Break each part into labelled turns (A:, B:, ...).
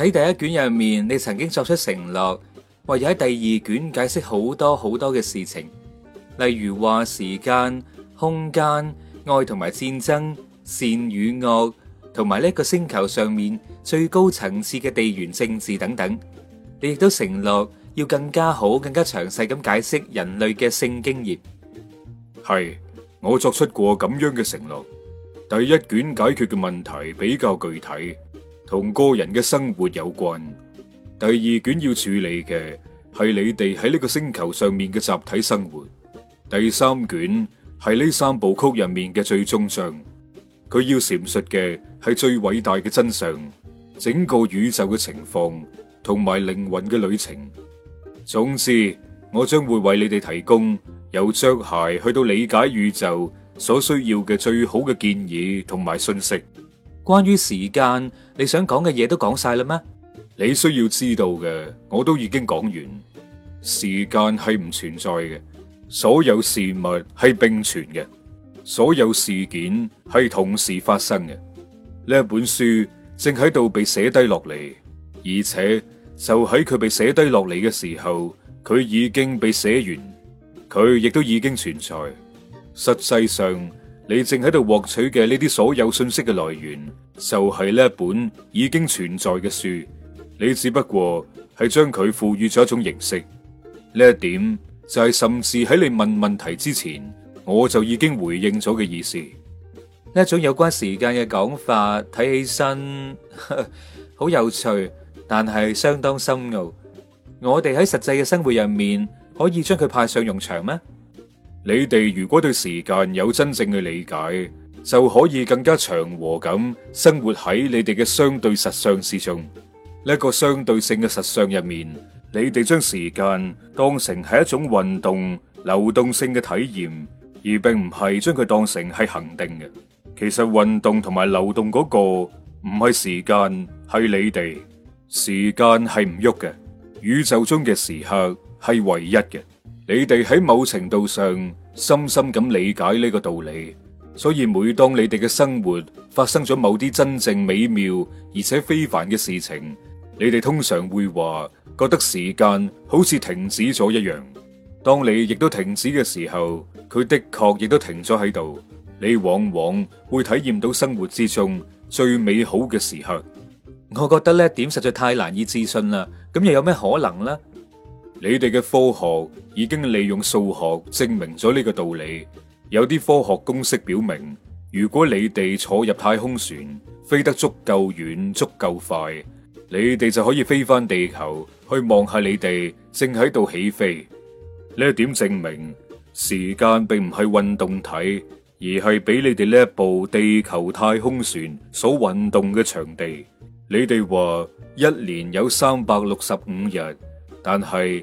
A: 喺第一卷入面，你曾經作出承諾，或者喺第二卷解釋好多好多嘅事情，例如話時間、空間、愛同埋戰爭、善與惡，同埋呢個星球上面最高層次嘅地緣政治等等。你亦都承諾要更加好、更加詳細咁解釋人類嘅性經驗。係，我作出過咁樣嘅承諾。第一卷解決嘅問題比較具體。同個人嘅生活有關。第二卷要處理嘅係你哋喺呢個星球上面嘅集體生活。第三卷係呢三部曲入面嘅最終章，佢要闡述嘅係最偉大嘅真相，整個宇宙嘅情況同埋靈魂嘅旅程。總之，我將會為你哋提供由著鞋去到理解宇宙所需要嘅最好嘅建議同埋信息。關於時間。你想講嘅嘢,都講晒啦咩？你需要知道嘅，我都已經講完。時間係唔存在嘅，所有事物係並存嘅，所有事件係同時發生嘅。呢一本書正喺度被寫低落嚟，而且就喺佢被寫低落嚟嘅時候，佢已經被寫完，佢亦都已經存在。實際上。你正喺度獲取嘅呢啲所有信息嘅來源，就係呢一本已經存在嘅書。你只不過係將佢賦予咗一種形式。呢一點就係甚至喺你問問題之前，我就已經回應咗嘅意思。呢一種有關時間嘅講法，睇起身好 有趣，但係相當深奧。我哋喺實際嘅生活入面，可以將佢派上用場咩？你哋如果對時間有真正嘅理解，就可以更加祥和咁生活喺你哋嘅相對實相之中。呢一個相對性嘅實相入面，你哋將時間當成係一種運動、流動性嘅體驗，而並唔係將佢當成係恆定嘅。其實運動同埋流動嗰個唔係時間，係你哋。時間係唔喐嘅，宇宙中嘅時刻係唯一嘅。你哋喺某程度上深深咁理解呢個道理，所以每當你哋嘅生活發生咗某啲真正美妙而且非凡嘅事情，你哋通常會話覺得時間好似停止咗一樣。當你亦都停止嘅時候，佢的確亦都停咗喺度。你往往會體驗到生活之中最美好嘅時刻。我覺得呢一點實在太難以置信啦。咁又有咩可能呢？你哋嘅科學已經利用數學證明咗呢個道理，有啲科學公式表明，如果你哋坐入太空船飛得足夠遠、足夠快，你哋就可以飛返地球去望下你哋正喺度起飛。呢一點證明時間並唔係運動體，而係俾你哋呢一部地球太空船所運動嘅場地。你哋話一年有三百六十五日，但係，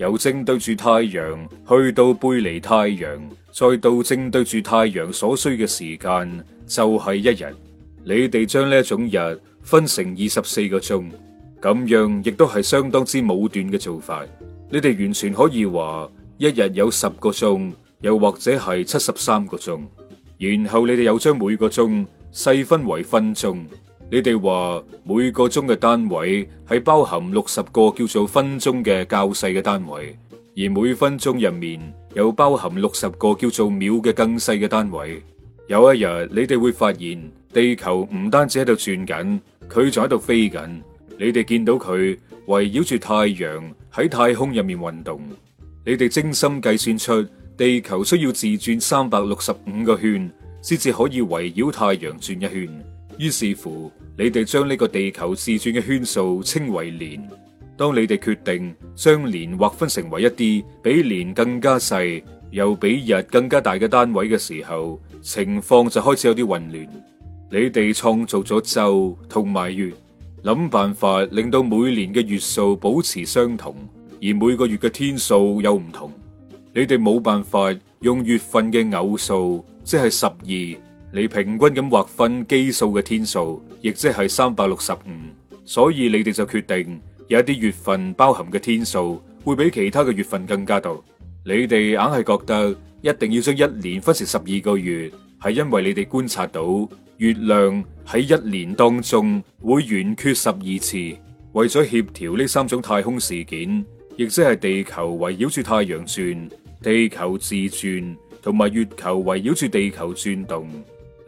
A: 由正對住太陽去到背離太陽，再到正對住太陽所需嘅時間就係、是、一日。你哋將呢一種日分成二十四個鐘，咁樣亦都係相當之武斷嘅做法。你哋完全可以話一日有十個鐘，又或者係七十三個鐘，然後你哋又將每個鐘細分為分鐘。你哋話每個鐘嘅單位係包含六十個叫做分鐘嘅較細嘅單位，而每分鐘入面又包含六十個叫做秒嘅更細嘅單位。有一日，你哋會發現地球唔單止喺度轉緊，佢仲喺度飛緊。你哋見到佢圍繞住太陽喺太空入面運動。你哋精心計算出地球需要自轉三百六十五個圈，先至可以圍繞太陽轉一圈。於是乎。你哋將呢個地球自轉嘅圈數稱為年。當你哋決定將年劃分成為一啲比年更加細又比日更加大嘅單位嘅時候，情況就開始有啲混亂。你哋創造咗周同埋月，諗辦法令到每年嘅月數保持相同，而每個月嘅天數又唔同。你哋冇辦法用月份嘅偶數，即係十二。你平均咁劃分基數嘅天數，亦即係三百六十五，所以你哋就決定有一啲月份包含嘅天數會比其他嘅月份更加多。你哋硬係覺得一定要將一年分成十二個月，係因為你哋觀察到月亮喺一年當中會圓缺十二次，為咗協調呢三種太空事件，亦即係地球圍繞住太陽轉、地球自轉同埋月球圍繞住地球轉動。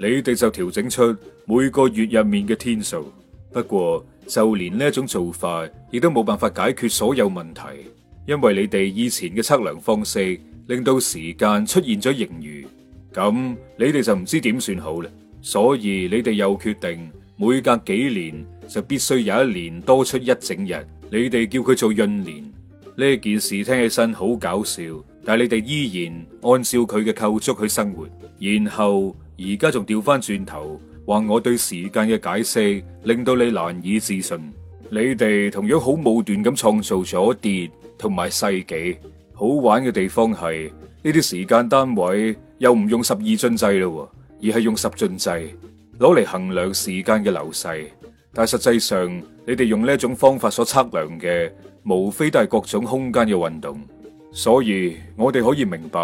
A: 你哋就調整出每個月入面嘅天數，不過就連呢一種做法，亦都冇辦法解決所有問題，因為你哋以前嘅測量方式令到時間出現咗盈餘，咁你哋就唔知點算好啦。所以你哋又決定每隔幾年就必須有一年多出一整日，你哋叫佢做閏年。呢件事聽起身好搞笑，但係你哋依然按照佢嘅構築去生活，然後。而家仲掉返轉頭，話我對時間嘅解釋令到你難以置信。你哋同樣好武斷咁創造咗跌同埋世紀。好玩嘅地方係呢啲時間單位又唔用十二進制咯，而係用十進制攞嚟衡量時間嘅流逝。但係實際上，你哋用呢一種方法所測量嘅，無非都係各種空間嘅運動。所以我哋可以明白，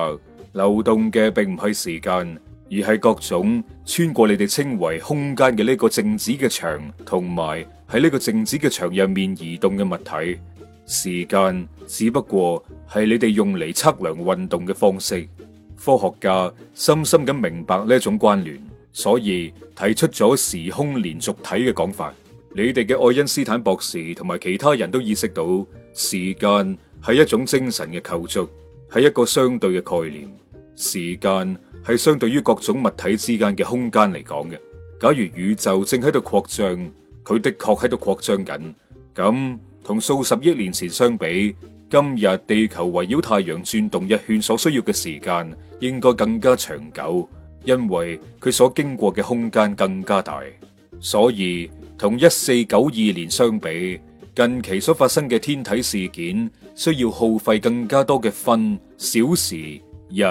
A: 流動嘅並唔係時間。而係各種穿過你哋稱為空間嘅呢個靜止嘅牆，同埋喺呢個靜止嘅牆入面移動嘅物體，時間只不過係你哋用嚟測量運動嘅方式。科學家深深咁明白呢種關聯，所以提出咗時空連續體嘅講法。你哋嘅愛因斯坦博士同埋其他人都意識到，時間係一種精神嘅構築，係一個相對嘅概念。時間係相對於各種物體之間嘅空間嚟講嘅。假如宇宙正喺度擴張，佢的確喺度擴張緊。咁同數十億年前相比，今日地球圍繞太陽轉動一圈所需要嘅時間應該更加長久，因為佢所經過嘅空間更加大。所以，同一四九二年相比，近期所發生嘅天體事件需要耗費更加多嘅分、小時、日。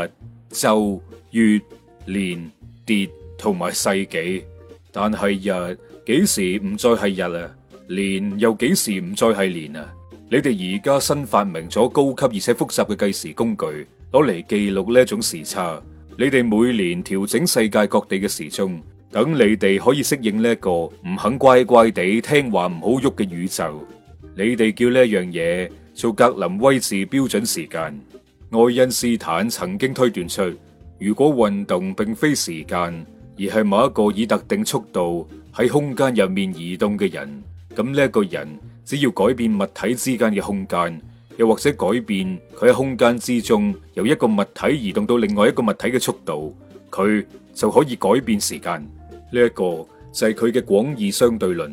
A: 就月年跌同埋世紀，但係日幾時唔再係日啊年又幾時唔再係年啊你哋而家新發明咗高級而且複雜嘅計時工具，攞嚟記錄呢一種時差。你哋每年調整世界各地嘅時鐘，等你哋可以適應呢一個唔肯乖乖地聽話唔好喐嘅宇宙。你哋叫呢一樣嘢做格林威治標準時間。愛因斯坦曾經推斷出，如果運動並非時間，而係某一個以特定速度喺空間入面移動嘅人，咁呢一個人只要改變物體之間嘅空間，又或者改變佢喺空間之中由一個物體移動到另外一個物體嘅速度，佢就可以改變時間。呢一個就係佢嘅廣義相對論。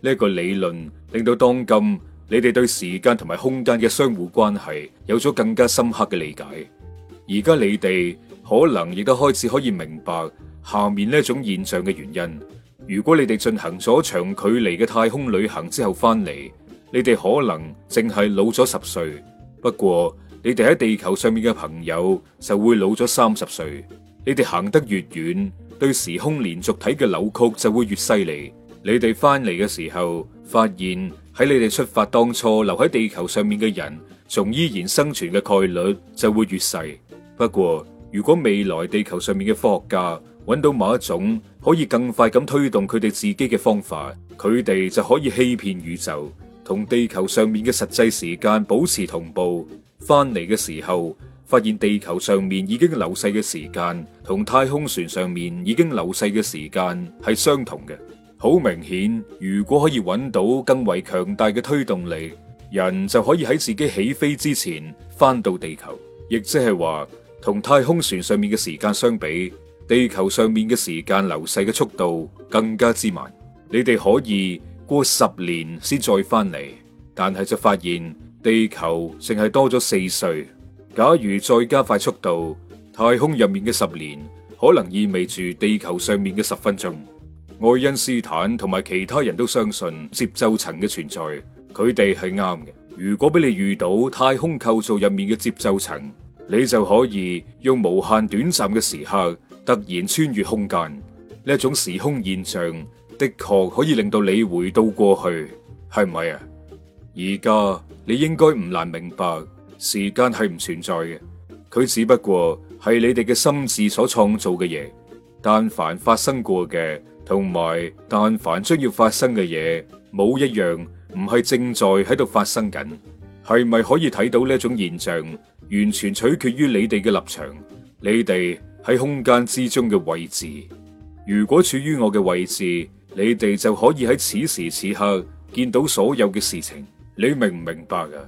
A: 呢一個理論令到當今。你哋對時間同埋空間嘅相互關係有咗更加深刻嘅理解。而家你哋可能亦都開始可以明白下面呢種現象嘅原因。如果你哋進行咗長距離嘅太空旅行之後翻嚟，你哋可能淨係老咗十歲，不過你哋喺地球上面嘅朋友就會老咗三十歲。你哋行得越遠，對時空連續體嘅扭曲就會越犀利。你哋翻嚟嘅時候發現。喺你哋出發當初留喺地球上面嘅人，仲依然生存嘅概率，就會越細。不過，如果未來地球上面嘅科學家揾到某一種可以更快咁推動佢哋自己嘅方法，佢哋就可以欺騙宇宙，同地球上面嘅實際時間保持同步。翻嚟嘅時候，發現地球上面已經流逝嘅時間，同太空船上面已經流逝嘅時間係相同嘅。好明顯，如果可以揾到更為強大嘅推動力，人就可以喺自己起飛之前翻到地球，亦即係話，同太空船上面嘅時間相比，地球上面嘅時間流逝嘅速度更加之慢。你哋可以過十年先再翻嚟，但係就發現地球淨係多咗四歲。假如再加快速度，太空入面嘅十年可能意味住地球上面嘅十分鐘。愛因斯坦同埋其他人都相信褶皺層嘅存在，佢哋係啱嘅。如果俾你遇到太空構造入面嘅褶皺層，你就可以用無限短暫嘅時刻突然穿越空間。呢一種時空現象的確可以令到你回到過去，係唔係啊？而家你應該唔難明白，時間係唔存在嘅，佢只不過係你哋嘅心智所創造嘅嘢。但凡發生過嘅，同埋，但凡將要發生嘅嘢，冇一樣唔係正在喺度發生緊。係咪可以睇到呢種現象？完全取決於你哋嘅立場，你哋喺空間之中嘅位置。如果處於我嘅位置，你哋就可以喺此時此刻見到所有嘅事情。你明唔明白啊？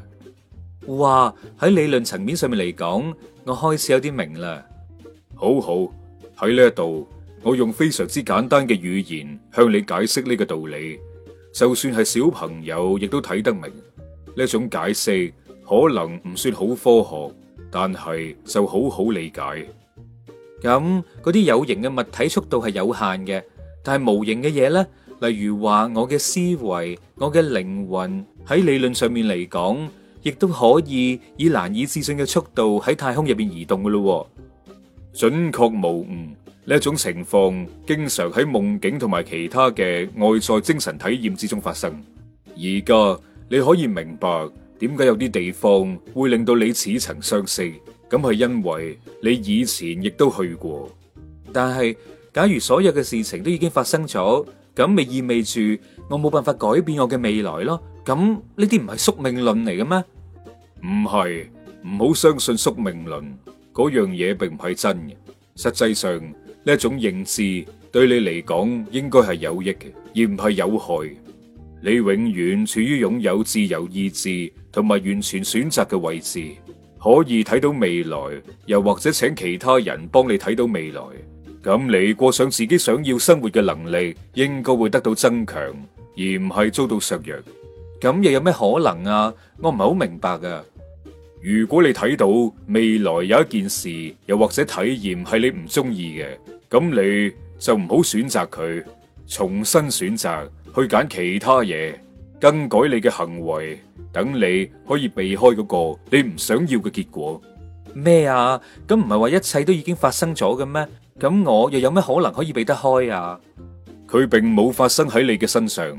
A: 哇！喺理論層面上面嚟講，我開始有啲明啦。好好，喺呢一度。我用非常之簡單嘅語言向你解釋呢個道理，就算係小朋友亦都睇得明。呢一種解釋，可能唔算好科學，但係就好好理解。咁嗰啲有形嘅物體速度係有限嘅，但係無形嘅嘢呢，例如話我嘅思維、我嘅靈魂，喺理論上面嚟講，亦都可以以難以置信嘅速度喺太空入邊移動㗎咯，準確無誤。呢一種情況經常喺夢境同埋其他嘅外在精神體驗之中發生。而家你可以明白點解有啲地方會令到你似曾相識，咁係因為你以前亦都去過。但係假如所有嘅事情都已經發生咗，咁咪意味住我冇辦法改變我嘅未來咯？咁呢啲唔係宿命論嚟嘅咩？唔係，唔好相信宿命論嗰樣嘢，並唔係真嘅。實際上。呢種認知對你嚟講應該係有益嘅，而唔係有害。你永遠處於擁有自由意志同埋完全選擇嘅位置，可以睇到未來，又或者請其他人幫你睇到未來。咁你過上自己想要生活嘅能力，應該會得到增強，而唔係遭到削弱。咁又有咩可能啊？我唔係好明白噶啊。如果你睇到未來有一件事，又或者體驗係你唔中意嘅。咁你就唔好選擇佢，重新選擇去揀其他嘢，更改你嘅行為，等你可以避開嗰個你唔想要嘅結果。咩啊？咁唔係話一切都已經發生咗嘅咩？咁我又有咩可能可以避得開啊？佢並冇發生喺你嘅身上，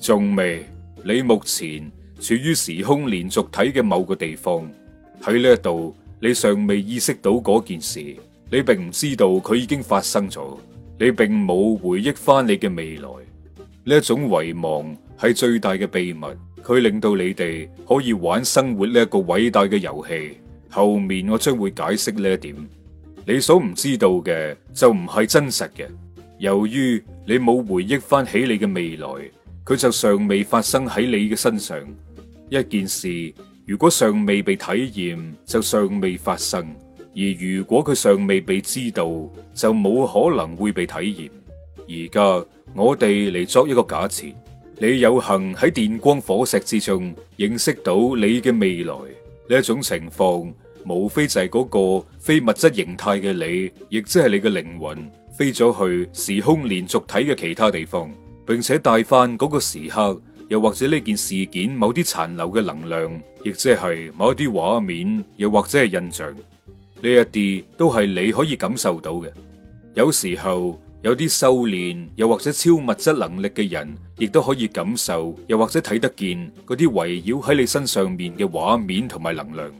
A: 仲未。你目前處於時空連續體嘅某個地方，喺呢一度，你尚未意識到嗰件事。你並唔知道佢已經發生咗，你並冇回憶返你嘅未來，呢一種遺忘係最大嘅秘密。佢令到你哋可以玩生活呢一個偉大嘅遊戲。後面我將會解釋呢一點。你所唔知道嘅就唔係真實嘅。由於你冇回憶返起你嘅未來，佢就尚未發生喺你嘅身上。一件事如果尚未被體驗，就尚未發生。而如果佢尚未被知道，就冇可能會被體驗。而家我哋嚟作一個假設，你有幸喺電光火石之中認識到你嘅未來。呢一種情況，無非就係嗰個非物質形態嘅你，亦即係你嘅靈魂飛咗去時空連續體嘅其他地方，並且帶翻嗰個時刻，又或者呢件事件某啲殘留嘅能量，亦即係某一啲畫面，又或者係印象。呢一啲都係你可以感受到嘅。有時候有啲修煉又或者超物質能力嘅人，亦都可以感受，又或者睇得見嗰啲圍繞喺你身上面嘅畫面同埋能量。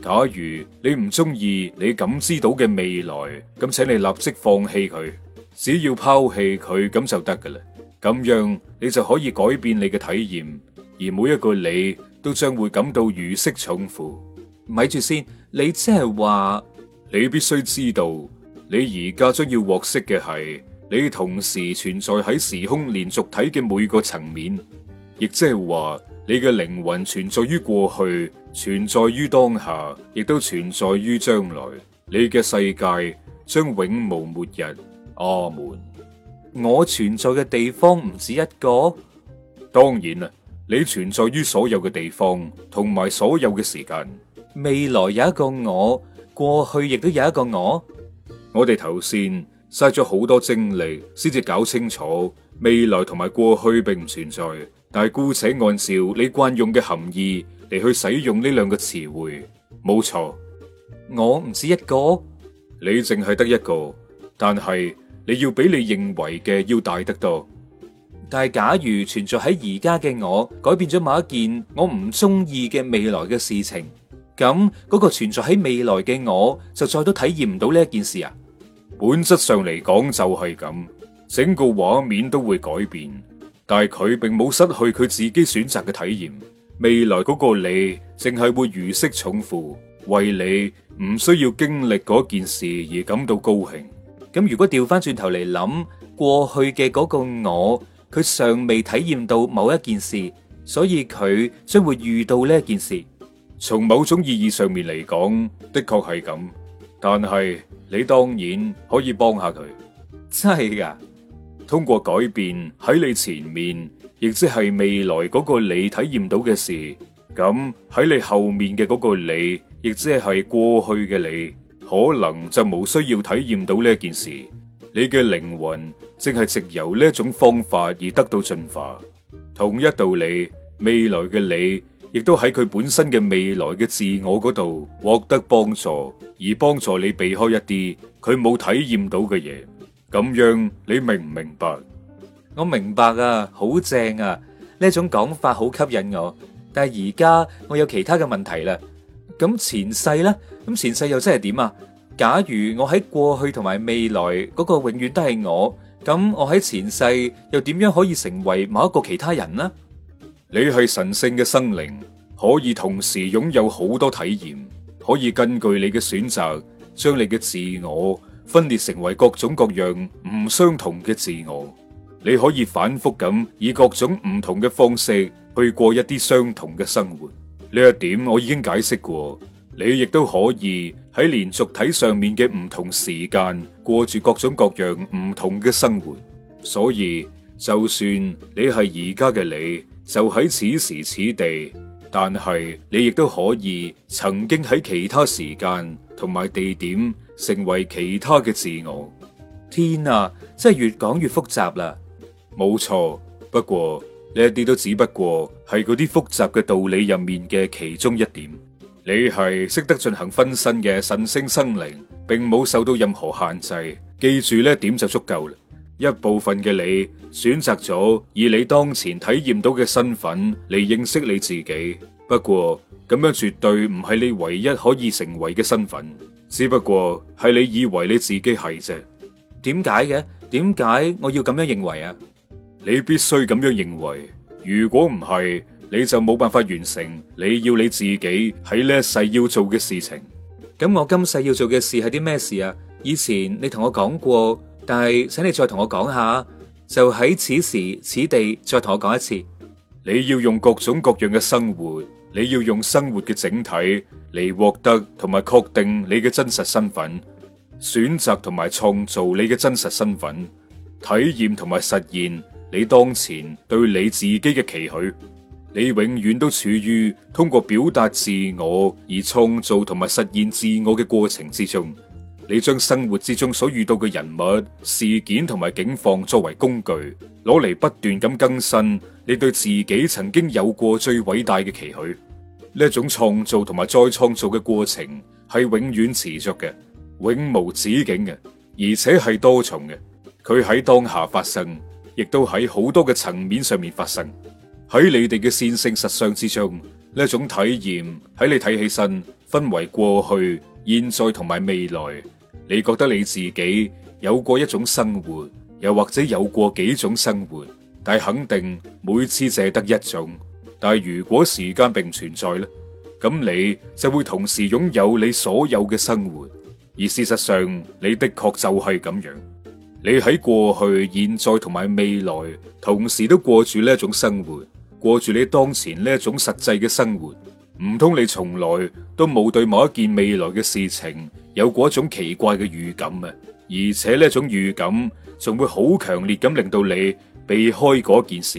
A: 假如你唔中意你感知到嘅未來，咁請你立即放棄佢，只要拋棄佢咁就得噶啦。咁樣你就可以改變你嘅體驗，而每一個你都將會感到如釋重負。咪住先，你即係話，你必須知道，你而家將要獲悉嘅係，你同時存在喺時空連續體嘅每個層面，亦即係話，你嘅靈魂存在於過去，存在於當下，亦都存在於將來。你嘅世界將永無末日。阿門。我存在嘅地方唔止一個，當然啦，你存在於所有嘅地方，同埋所有嘅時間。未來有一個我，過去亦都有一個我。我哋頭先嘥咗好多精力，先至搞清楚未來同埋過去並唔存在。但係姑且按照你慣用嘅含義嚟去使用呢兩個詞彙，冇錯。我唔止一個，你淨係得一個，但係你要比你認為嘅要大得多。但係假如存在喺而家嘅我，改變咗某一件我唔中意嘅未來嘅事情。咁嗰個存在喺未來嘅我，就再都體驗唔到呢一件事啊。本質上嚟講就係咁，整個畫面都會改變，但係佢並冇失去佢自己選擇嘅體驗。未來嗰個你，淨係會如釋重負，為你唔需要經歷嗰件事而感到高興。咁如果調翻轉頭嚟諗，過去嘅嗰個我，佢尚未體驗到某一件事，所以佢將會遇到呢一件事。從某種意義上面嚟講，的確係咁。但係你當然可以幫下佢，真係噶。通過改變喺你前面，亦即係未來嗰個你體驗到嘅事，咁喺你後面嘅嗰個你，亦即係過去嘅你，可能就冇需要體驗到呢件事。你嘅靈魂正係藉由呢一種方法而得到進化。同一道理，未來嘅你。亦都喺佢本身嘅未來嘅自我嗰度獲得幫助，而幫助你避開一啲佢冇體驗到嘅嘢。咁樣你明唔明白？我明白啊，好正啊，呢一種講法好吸引我。但係而家我有其他嘅問題啦。咁前世呢，咁前世又真係點啊？假如我喺過去同埋未來嗰個永遠都係我，咁我喺前世又點樣可以成為某一個其他人呢？你係神聖嘅生靈，可以同時擁有好多體驗，可以根據你嘅選擇，將你嘅自我分裂成為各種各樣唔相同嘅自我。你可以反復咁以各種唔同嘅方式去過一啲相同嘅生活。呢一點我已經解釋過。你亦都可以喺連續體上面嘅唔同時間過住各種各樣唔同嘅生活。所以就算你係而家嘅你。就喺此時此地，但係你亦都可以曾經喺其他時間同埋地點成為其他嘅自我。天啊，真係越講越複雜啦！冇錯，不過呢一啲都只不過係嗰啲複雜嘅道理入面嘅其中一點。你係識得進行分身嘅神聖生靈，並冇受到任何限制。記住呢一點就足夠啦。一部分嘅你選擇咗以你當前體驗到嘅身份嚟認識你自己，不過咁樣絕對唔係你唯一可以成為嘅身份，只不過係你以為你自己係啫。點解嘅？點解我要咁樣認為啊？你必須咁樣認為，如果唔係，你就冇辦法完成你要你自己喺呢一世要做嘅事情。咁我今世要做嘅事係啲咩事啊？以前你同我講過。但係，請你再同我講下，就喺此時此地，再同我講一次。你要用各種各樣嘅生活，你要用生活嘅整體嚟獲得同埋確定你嘅真實身份，選擇同埋創造你嘅真實身份，體驗同埋實現你當前對你自己嘅期許。你永遠都處於通過表達自我而創造同埋實現自我嘅過程之中。你將生活之中所遇到嘅人物、事件同埋境況作為工具，攞嚟不斷咁更新你對自己曾經有過最偉大嘅期許。呢種創造同埋再創造嘅過程係永遠持續嘅，永無止境嘅，而且係多重嘅。佢喺當下發生，亦都喺好多嘅層面上面發生。喺你哋嘅線性實相之中，呢種體驗喺你睇起身，分為過去、現在同埋未來。你覺得你自己有過一種生活，又或者有過幾種生活，但肯定每次淨係得一種。但如果時間並唔存在咧，咁你就會同時擁有你所有嘅生活。而事實上，你的確就係咁樣，你喺過去、現在同埋未來同時都過住呢一種生活，過住你當前呢一種實際嘅生活。唔通你從來都冇對某一件未來嘅事情有過一種奇怪嘅預感啊？而且呢種預感仲會好強烈咁令到你避開嗰件事。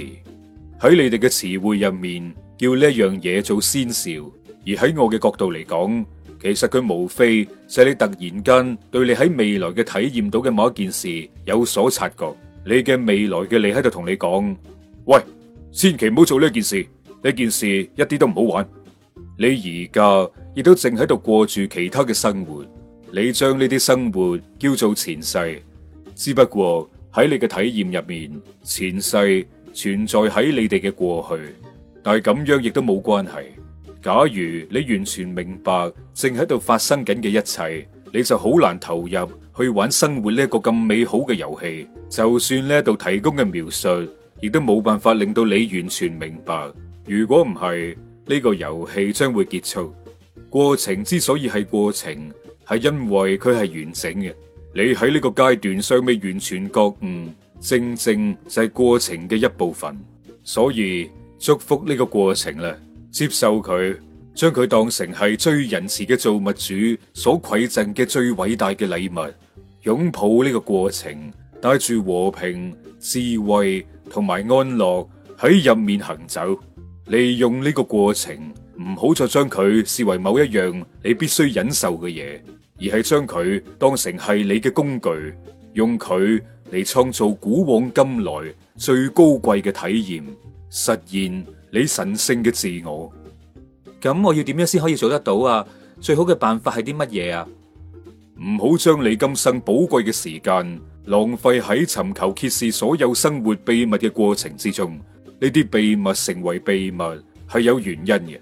A: 喺你哋嘅詞彙入面，叫呢樣嘢做先兆。而喺我嘅角度嚟講，其實佢無非就係你突然間對你喺未來嘅體驗到嘅某一件事有所察覺，你嘅未來嘅你喺度同你講：喂，千祈唔好做呢件事，呢件事一啲都唔好玩。你而家亦都正喺度過住其他嘅生活，你將呢啲生活叫做前世，只不過喺你嘅體驗入面，前世存在喺你哋嘅過去，但係咁樣亦都冇關係。假如你完全明白正喺度發生緊嘅一切，你就好難投入去玩生活呢個咁美好嘅遊戲。就算呢度提供嘅描述，亦都冇辦法令到你完全明白。如果唔係，呢個遊戲將會結束。過程之所以係過程，係因為佢係完整嘅。你喺呢個階段尚未完全覺悟，正正就係過程嘅一部分。所以祝福呢個過程啦，接受佢，將佢當成係最仁慈嘅造物主所饋贈嘅最偉大嘅禮物。擁抱呢個過程，帶住和平、智慧同埋安樂喺入面行走。利用呢個過程，唔好再將佢視為某一樣你必須忍受嘅嘢，而係將佢當成係你嘅工具，用佢嚟創造古往今來最高貴嘅體驗，實現你神聖嘅自我。咁我要點樣先可以做得到啊？最好嘅辦法係啲乜嘢啊？唔好將你今生寶貴嘅時間浪費喺尋求揭示所有生活秘密嘅過程之中。呢啲秘密成為秘密係有原因嘅。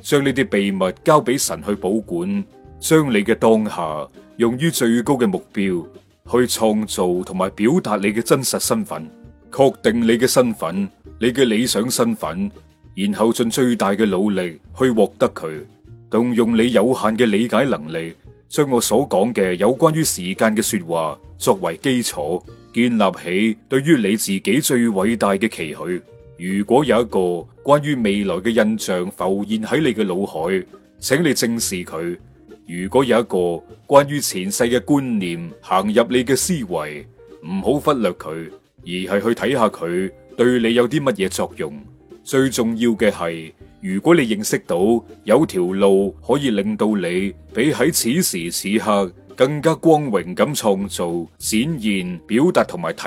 A: 將呢啲秘密交俾神去保管，將你嘅當下用於最高嘅目標，去創造同埋表達你嘅真實身份，確定你嘅身份，你嘅理想身份，然後盡最大嘅努力去獲得佢。動用你有限嘅理解能力，將我所講嘅有關於時間嘅說話作為基礎，建立起對於你自己最偉大嘅期許。如果有一個關於未來嘅印象浮現喺你嘅腦海，請你正視佢；如果有一個關於前世嘅觀念行入你嘅思維，唔好忽略佢，而係去睇下佢對你有啲乜嘢作用。最重要嘅係，如果你認識到有條路可以令到你比喺此時此刻更加光榮咁創造、展現、表達同埋體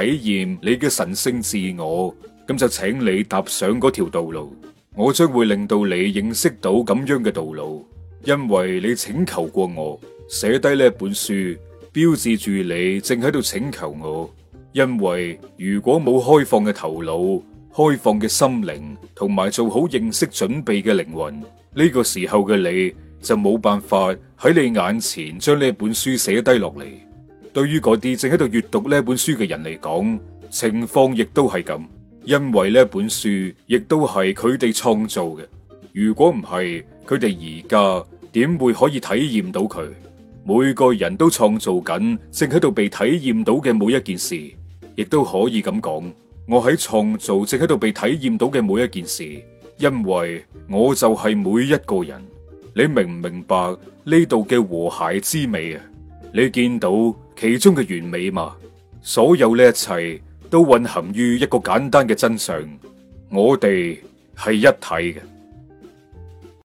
A: 驗你嘅神聖自我。咁就請你踏上嗰條道路，我將會令到你認識到咁樣嘅道路，因為你請求過我寫低呢本書，標誌住你正喺度請求我。因為如果冇開放嘅頭腦、開放嘅心靈同埋做好認識準備嘅靈魂，呢、呢個時候嘅你就冇辦法喺你眼前將呢本書寫低落嚟。對於嗰啲正喺度閱讀呢本書嘅人嚟講，情況亦都係咁。因為呢本書亦都係佢哋創造嘅，如果唔係，佢哋而家點會可以體驗到佢？每個人都創造緊，正喺度被體驗到嘅每一件事，亦都可以咁講。我喺創造，正喺度被體驗到嘅每一件事，因為我就係每一個人。你明唔明白呢度嘅和諧之美啊？你見到其中嘅完美嘛？所有呢一切，都蘊含於一個簡單嘅真相，我哋係一體嘅。